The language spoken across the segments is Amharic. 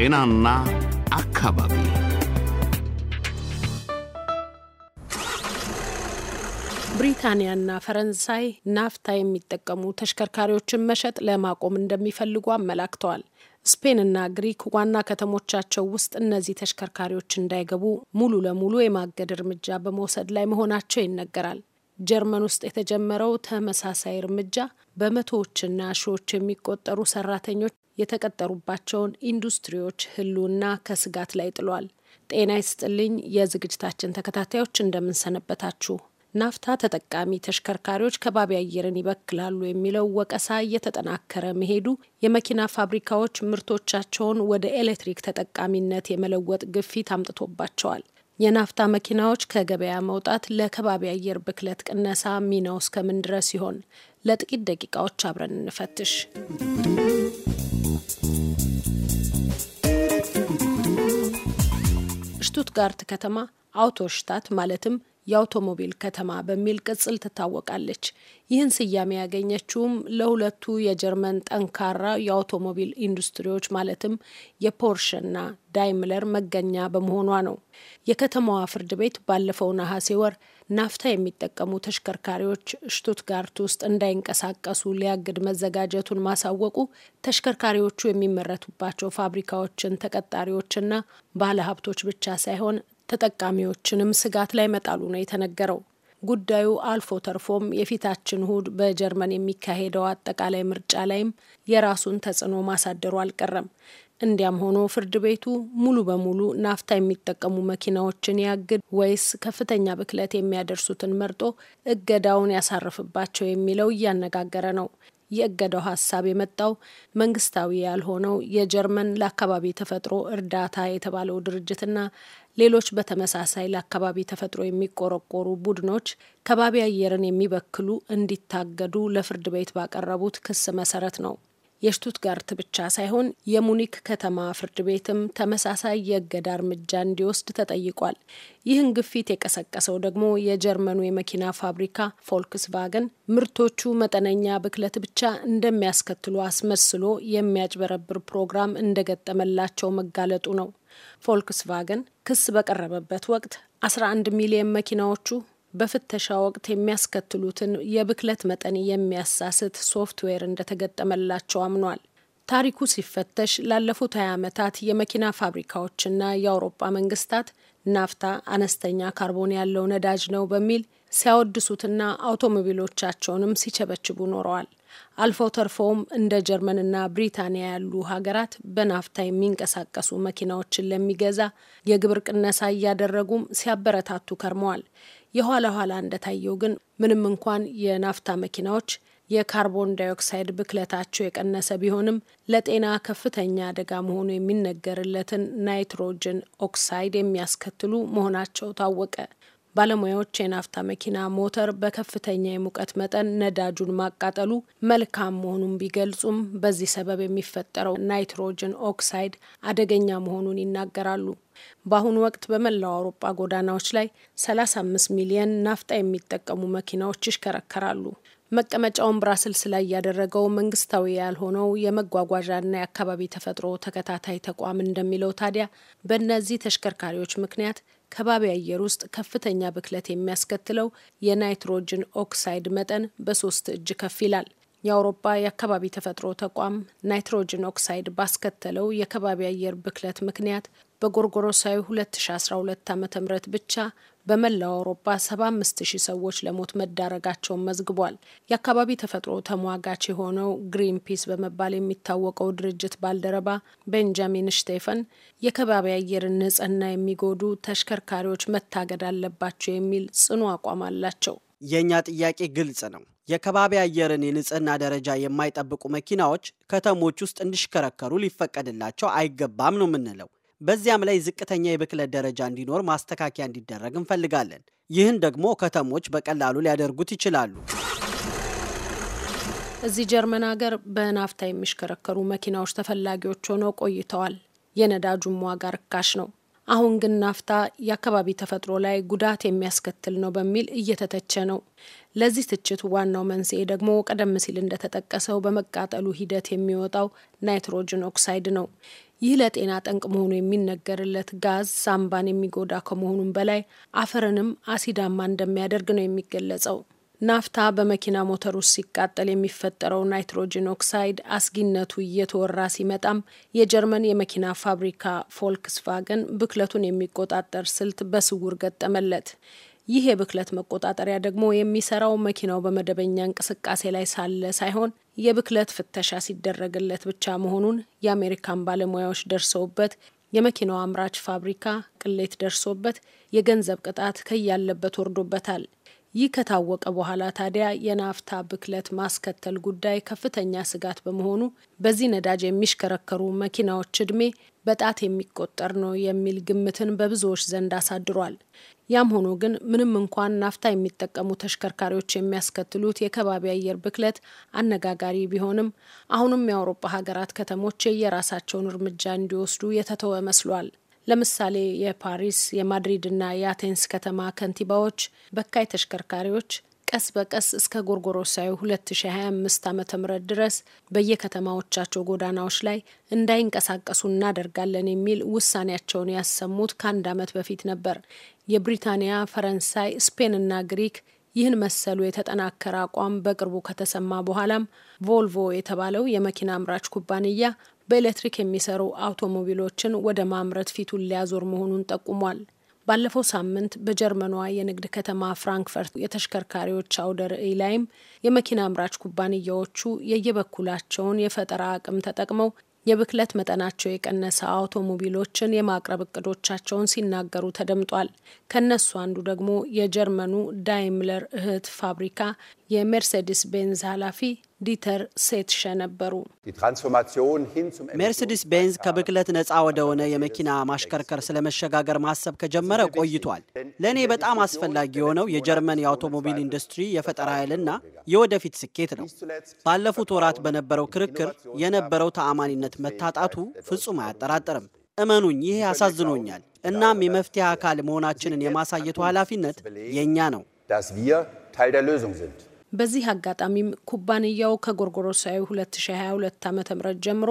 ጤናና አካባቢ ብሪታንያና ፈረንሳይ ናፍታ የሚጠቀሙ ተሽከርካሪዎችን መሸጥ ለማቆም እንደሚፈልጉ አመላክተዋል። ስፔንና ግሪክ ዋና ከተሞቻቸው ውስጥ እነዚህ ተሽከርካሪዎች እንዳይገቡ ሙሉ ለሙሉ የማገድ እርምጃ በመውሰድ ላይ መሆናቸው ይነገራል። ጀርመን ውስጥ የተጀመረው ተመሳሳይ እርምጃ በመቶዎችና ሺዎች የሚቆጠሩ ሰራተኞች የተቀጠሩባቸውን ኢንዱስትሪዎች ህልውና ከስጋት ላይ ጥሏል። ጤና ይስጥልኝ የዝግጅታችን ተከታታዮች እንደምንሰነበታችሁ። ናፍታ ተጠቃሚ ተሽከርካሪዎች ከባቢ አየርን ይበክላሉ የሚለው ወቀሳ እየተጠናከረ መሄዱ የመኪና ፋብሪካዎች ምርቶቻቸውን ወደ ኤሌክትሪክ ተጠቃሚነት የመለወጥ ግፊት አምጥቶባቸዋል። የናፍታ መኪናዎች ከገበያ መውጣት ለከባቢ አየር ብክለት ቅነሳ ሚናው እስከምን ድረስ ይሆን? ለጥቂት ደቂቃዎች አብረን እንፈትሽ። የሽቱትጋርት ከተማ አውቶሽታት ማለትም የአውቶሞቢል ከተማ በሚል ቅጽል ትታወቃለች። ይህን ስያሜ ያገኘችውም ለሁለቱ የጀርመን ጠንካራ የአውቶሞቢል ኢንዱስትሪዎች ማለትም የፖርሽና ዳይምለር መገኛ በመሆኗ ነው። የከተማዋ ፍርድ ቤት ባለፈው ነሐሴ ወር ናፍታ የሚጠቀሙ ተሽከርካሪዎች ሽቱትጋርት ውስጥ እንዳይንቀሳቀሱ ሊያግድ መዘጋጀቱን ማሳወቁ ተሽከርካሪዎቹ የሚመረቱባቸው ፋብሪካዎችን፣ ተቀጣሪዎችና ባለሀብቶች ብቻ ሳይሆን ተጠቃሚዎችንም ስጋት ላይ መጣሉ ነው የተነገረው። ጉዳዩ አልፎ ተርፎም የፊታችን እሁድ በጀርመን የሚካሄደው አጠቃላይ ምርጫ ላይም የራሱን ተጽዕኖ ማሳደሩ አልቀረም። እንዲያም ሆኖ ፍርድ ቤቱ ሙሉ በሙሉ ናፍታ የሚጠቀሙ መኪናዎችን ያግድ ወይስ ከፍተኛ ብክለት የሚያደርሱትን መርጦ እገዳውን ያሳርፍባቸው የሚለው እያነጋገረ ነው። የእገዳው ሀሳብ የመጣው መንግስታዊ ያልሆነው የጀርመን ለአካባቢ ተፈጥሮ እርዳታ የተባለው ድርጅትና ሌሎች በተመሳሳይ ለአካባቢ ተፈጥሮ የሚቆረቆሩ ቡድኖች ከባቢ አየርን የሚበክሉ እንዲታገዱ ለፍርድ ቤት ባቀረቡት ክስ መሰረት ነው። የሽቱትጋርት ብቻ ሳይሆን የሙኒክ ከተማ ፍርድ ቤትም ተመሳሳይ የእገዳ እርምጃ እንዲወስድ ተጠይቋል። ይህን ግፊት የቀሰቀሰው ደግሞ የጀርመኑ የመኪና ፋብሪካ ፎልክስቫገን ምርቶቹ መጠነኛ ብክለት ብቻ እንደሚያስከትሉ አስመስሎ የሚያጭበረብር ፕሮግራም እንደገጠመላቸው መጋለጡ ነው። ፎልክስቫገን ክስ በቀረበበት ወቅት 11 ሚሊየን መኪናዎቹ በፍተሻ ወቅት የሚያስከትሉትን የብክለት መጠን የሚያሳስት ሶፍትዌር እንደተገጠመላቸው አምኗል። ታሪኩ ሲፈተሽ ላለፉት 20 ዓመታት የመኪና ፋብሪካዎችና የአውሮፓ መንግስታት ናፍታ አነስተኛ ካርቦን ያለው ነዳጅ ነው በሚል ሲያወድሱትና አውቶሞቢሎቻቸውንም ሲቸበችቡ ኖረዋል። አልፎ ተርፎም እንደ ጀርመንና ብሪታንያ ያሉ ሀገራት በናፍታ የሚንቀሳቀሱ መኪናዎችን ለሚገዛ የግብር ቅነሳ እያደረጉም ሲያበረታቱ ከርመዋል። የኋላ ኋላ እንደታየው ግን ምንም እንኳን የናፍታ መኪናዎች የካርቦን ዳይኦክሳይድ ብክለታቸው የቀነሰ ቢሆንም ለጤና ከፍተኛ አደጋ መሆኑ የሚነገርለትን ናይትሮጅን ኦክሳይድ የሚያስከትሉ መሆናቸው ታወቀ። ባለሙያዎች የናፍታ መኪና ሞተር በከፍተኛ የሙቀት መጠን ነዳጁን ማቃጠሉ መልካም መሆኑን ቢገልጹም በዚህ ሰበብ የሚፈጠረው ናይትሮጅን ኦክሳይድ አደገኛ መሆኑን ይናገራሉ። በአሁኑ ወቅት በመላው አውሮፓ ጎዳናዎች ላይ 35 ሚሊየን ናፍጣ የሚጠቀሙ መኪናዎች ይሽከረከራሉ። መቀመጫውን ብራስልስ ላይ ያደረገው መንግስታዊ ያልሆነው የመጓጓዣና የአካባቢ ተፈጥሮ ተከታታይ ተቋም እንደሚለው ታዲያ በእነዚህ ተሽከርካሪዎች ምክንያት ከባቢ አየር ውስጥ ከፍተኛ ብክለት የሚያስከትለው የናይትሮጅን ኦክሳይድ መጠን በሶስት እጅ ከፍ ይላል። የአውሮፓ የአካባቢ ተፈጥሮ ተቋም ናይትሮጅን ኦክሳይድ ባስከተለው የከባቢ አየር ብክለት ምክንያት በጎርጎሮሳዊ 2012 ዓ ም ብቻ በመላው አውሮፓ 75000 ሰዎች ለሞት መዳረጋቸውን መዝግቧል። የአካባቢ ተፈጥሮ ተሟጋች የሆነው ግሪን ፒስ በመባል የሚታወቀው ድርጅት ባልደረባ ቤንጃሚን ሽቴፈን የከባቢ አየርን ንጽህና የሚጎዱ ተሽከርካሪዎች መታገድ አለባቸው የሚል ጽኑ አቋም አላቸው። የእኛ ጥያቄ ግልጽ ነው። የከባቢ አየርን የንጽህና ደረጃ የማይጠብቁ መኪናዎች ከተሞች ውስጥ እንዲሽከረከሩ ሊፈቀድላቸው አይገባም ነው የምንለው። በዚያም ላይ ዝቅተኛ የብክለት ደረጃ እንዲኖር ማስተካከያ እንዲደረግ እንፈልጋለን። ይህን ደግሞ ከተሞች በቀላሉ ሊያደርጉት ይችላሉ። እዚህ ጀርመን ሀገር በናፍታ የሚሽከረከሩ መኪናዎች ተፈላጊዎች ሆነው ቆይተዋል። የነዳጁም ዋጋ ርካሽ ነው። አሁን ግን ናፍታ የአካባቢ ተፈጥሮ ላይ ጉዳት የሚያስከትል ነው በሚል እየተተቸ ነው። ለዚህ ትችት ዋናው መንስኤ ደግሞ ቀደም ሲል እንደተጠቀሰው በመቃጠሉ ሂደት የሚወጣው ናይትሮጅን ኦክሳይድ ነው። ይህ ለጤና ጠንቅ መሆኑ የሚነገርለት ጋዝ ሳምባን የሚጎዳ ከመሆኑም በላይ አፈርንም አሲዳማ እንደሚያደርግ ነው የሚገለጸው። ናፍታ በመኪና ሞተር ውስጥ ሲቃጠል የሚፈጠረው ናይትሮጂን ኦክሳይድ አስጊነቱ እየተወራ ሲመጣም የጀርመን የመኪና ፋብሪካ ፎልክስቫገን ብክለቱን የሚቆጣጠር ስልት በስውር ገጠመለት። ይህ የብክለት መቆጣጠሪያ ደግሞ የሚሰራው መኪናው በመደበኛ እንቅስቃሴ ላይ ሳለ ሳይሆን የብክለት ፍተሻ ሲደረግለት ብቻ መሆኑን የአሜሪካን ባለሙያዎች ደርሰውበት የመኪናው አምራች ፋብሪካ ቅሌት ደርሶበት የገንዘብ ቅጣት ከያለበት ወርዶበታል። ይህ ከታወቀ በኋላ ታዲያ የናፍታ ብክለት ማስከተል ጉዳይ ከፍተኛ ስጋት በመሆኑ በዚህ ነዳጅ የሚሽከረከሩ መኪናዎች እድሜ በጣት የሚቆጠር ነው የሚል ግምትን በብዙዎች ዘንድ አሳድሯል። ያም ሆኖ ግን ምንም እንኳን ናፍታ የሚጠቀሙ ተሽከርካሪዎች የሚያስከትሉት የከባቢ አየር ብክለት አነጋጋሪ ቢሆንም አሁንም የአውሮፓ ሀገራት ከተሞች የየራሳቸውን እርምጃ እንዲወስዱ የተተወ መስሏል። ለምሳሌ የፓሪስ የማድሪድና የአቴንስ ከተማ ከንቲባዎች በካይ ተሽከርካሪዎች ቀስ በቀስ እስከ ጎርጎሮሳዊ 2025 ዓ ም ድረስ በየከተማዎቻቸው ጎዳናዎች ላይ እንዳይንቀሳቀሱ እናደርጋለን የሚል ውሳኔያቸውን ያሰሙት ከአንድ ዓመት በፊት ነበር። የብሪታንያ፣ ፈረንሳይ፣ ስፔንና ግሪክ ይህን መሰሉ የተጠናከረ አቋም በቅርቡ ከተሰማ በኋላም ቮልቮ የተባለው የመኪና አምራች ኩባንያ በኤሌክትሪክ የሚሰሩ አውቶሞቢሎችን ወደ ማምረት ፊቱን ሊያዞር መሆኑን ጠቁሟል። ባለፈው ሳምንት በጀርመኗ የንግድ ከተማ ፍራንክፈርት የተሽከርካሪዎች አውደ ርዕይ ላይም የመኪና አምራች ኩባንያዎቹ የየበኩላቸውን የፈጠራ አቅም ተጠቅመው የብክለት መጠናቸው የቀነሰ አውቶሞቢሎችን የማቅረብ እቅዶቻቸውን ሲናገሩ ተደምጧል። ከነሱ አንዱ ደግሞ የጀርመኑ ዳይምለር እህት ፋብሪካ የሜርሴዲስ ቤንዝ ኃላፊ ዲተር ሴትሸ ነበሩ። ሜርሴዲስ ቤንዝ ከብክለት ነፃ ወደሆነ የመኪና ማሽከርከር ስለመሸጋገር ማሰብ ከጀመረ ቆይቷል። ለእኔ በጣም አስፈላጊ የሆነው የጀርመን የአውቶሞቢል ኢንዱስትሪ የፈጠራ ኃይልና የወደፊት ስኬት ነው። ባለፉት ወራት በነበረው ክርክር የነበረው ተአማኒነት መታጣቱ ፍጹም አያጠራጥርም። እመኑኝ፣ ይሄ አሳዝኖኛል። እናም የመፍትሄ አካል መሆናችንን የማሳየቱ ኃላፊነት የእኛ ነው። በዚህ አጋጣሚም ኩባንያው ከጎርጎሮሳዊ 2022 ዓ ም ጀምሮ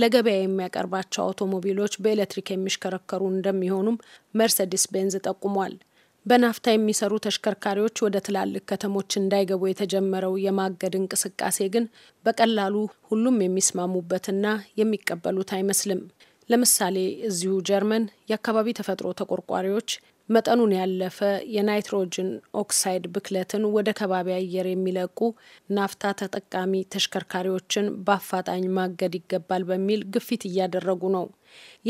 ለገበያ የሚያቀርባቸው አውቶሞቢሎች በኤሌክትሪክ የሚሽከረከሩ እንደሚሆኑም መርሴዲስ ቤንዝ ጠቁሟል። በናፍታ የሚሰሩ ተሽከርካሪዎች ወደ ትላልቅ ከተሞች እንዳይገቡ የተጀመረው የማገድ እንቅስቃሴ ግን በቀላሉ ሁሉም የሚስማሙበትና የሚቀበሉት አይመስልም። ለምሳሌ እዚሁ ጀርመን የአካባቢ ተፈጥሮ ተቆርቋሪዎች መጠኑን ያለፈ የናይትሮጅን ኦክሳይድ ብክለትን ወደ ከባቢ አየር የሚለቁ ናፍታ ተጠቃሚ ተሽከርካሪዎችን በአፋጣኝ ማገድ ይገባል በሚል ግፊት እያደረጉ ነው።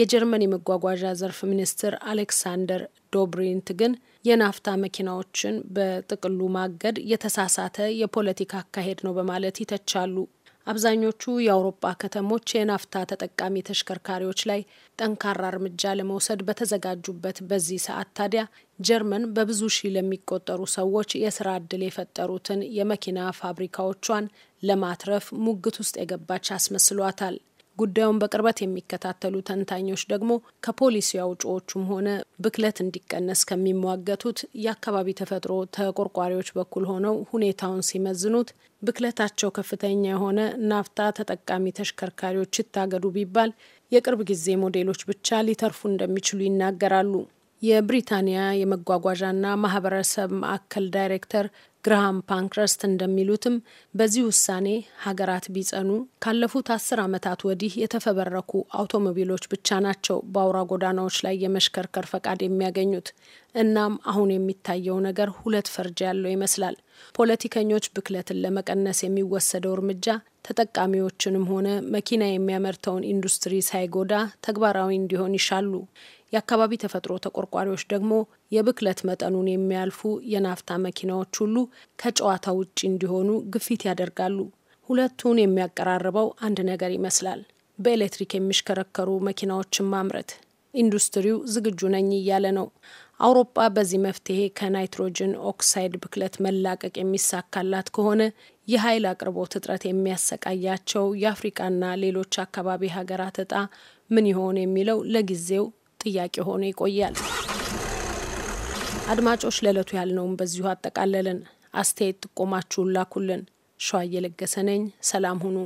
የጀርመን የመጓጓዣ ዘርፍ ሚኒስትር አሌክሳንደር ዶብሪንት ግን የናፍታ መኪናዎችን በጥቅሉ ማገድ የተሳሳተ የፖለቲካ አካሄድ ነው በማለት ይተቻሉ። አብዛኞቹ የአውሮፓ ከተሞች የናፍታ ተጠቃሚ ተሽከርካሪዎች ላይ ጠንካራ እርምጃ ለመውሰድ በተዘጋጁበት በዚህ ሰዓት ታዲያ ጀርመን በብዙ ሺህ ለሚቆጠሩ ሰዎች የስራ ዕድል የፈጠሩትን የመኪና ፋብሪካዎቿን ለማትረፍ ሙግት ውስጥ የገባች አስመስሏታል። ጉዳዩን በቅርበት የሚከታተሉ ተንታኞች ደግሞ ከፖሊሲ አውጪዎቹም ሆነ ብክለት እንዲቀነስ ከሚሟገቱት የአካባቢ ተፈጥሮ ተቆርቋሪዎች በኩል ሆነው ሁኔታውን ሲመዝኑት ብክለታቸው ከፍተኛ የሆነ ናፍታ ተጠቃሚ ተሽከርካሪዎች ይታገዱ ቢባል የቅርብ ጊዜ ሞዴሎች ብቻ ሊተርፉ እንደሚችሉ ይናገራሉ። የብሪታንያ የመጓጓዣና ማህበረሰብ ማዕከል ዳይሬክተር ግርሃም ፓንክረስት እንደሚሉትም በዚህ ውሳኔ ሀገራት ቢጸኑ ካለፉት አስር ዓመታት ወዲህ የተፈበረኩ አውቶሞቢሎች ብቻ ናቸው በአውራ ጎዳናዎች ላይ የመሽከርከር ፈቃድ የሚያገኙት። እናም አሁን የሚታየው ነገር ሁለት ፈርጅ ያለው ይመስላል። ፖለቲከኞች ብክለትን ለመቀነስ የሚወሰደው እርምጃ ተጠቃሚዎችንም ሆነ መኪና የሚያመርተውን ኢንዱስትሪ ሳይጎዳ ተግባራዊ እንዲሆን ይሻሉ። የአካባቢ ተፈጥሮ ተቆርቋሪዎች ደግሞ የብክለት መጠኑን የሚያልፉ የናፍታ መኪናዎች ሁሉ ከጨዋታ ውጭ እንዲሆኑ ግፊት ያደርጋሉ። ሁለቱን የሚያቀራርበው አንድ ነገር ይመስላል። በኤሌክትሪክ የሚሽከረከሩ መኪናዎችን ማምረት ኢንዱስትሪው ዝግጁ ነኝ እያለ ነው። አውሮፓ በዚህ መፍትሄ ከናይትሮጅን ኦክሳይድ ብክለት መላቀቅ የሚሳካላት ከሆነ የኃይል አቅርቦት እጥረት የሚያሰቃያቸው የአፍሪቃና ሌሎች አካባቢ ሀገራት እጣ ምን ይሆን የሚለው ለጊዜው ጥያቄ ሆኖ ይቆያል። አድማጮች፣ ለዕለቱ ያልነውም በዚሁ አጠቃለልን። አስተያየት ጥቆማችሁን ላኩልን። ሸዋ እየለገሰ ነኝ። ሰላም ሁኑ።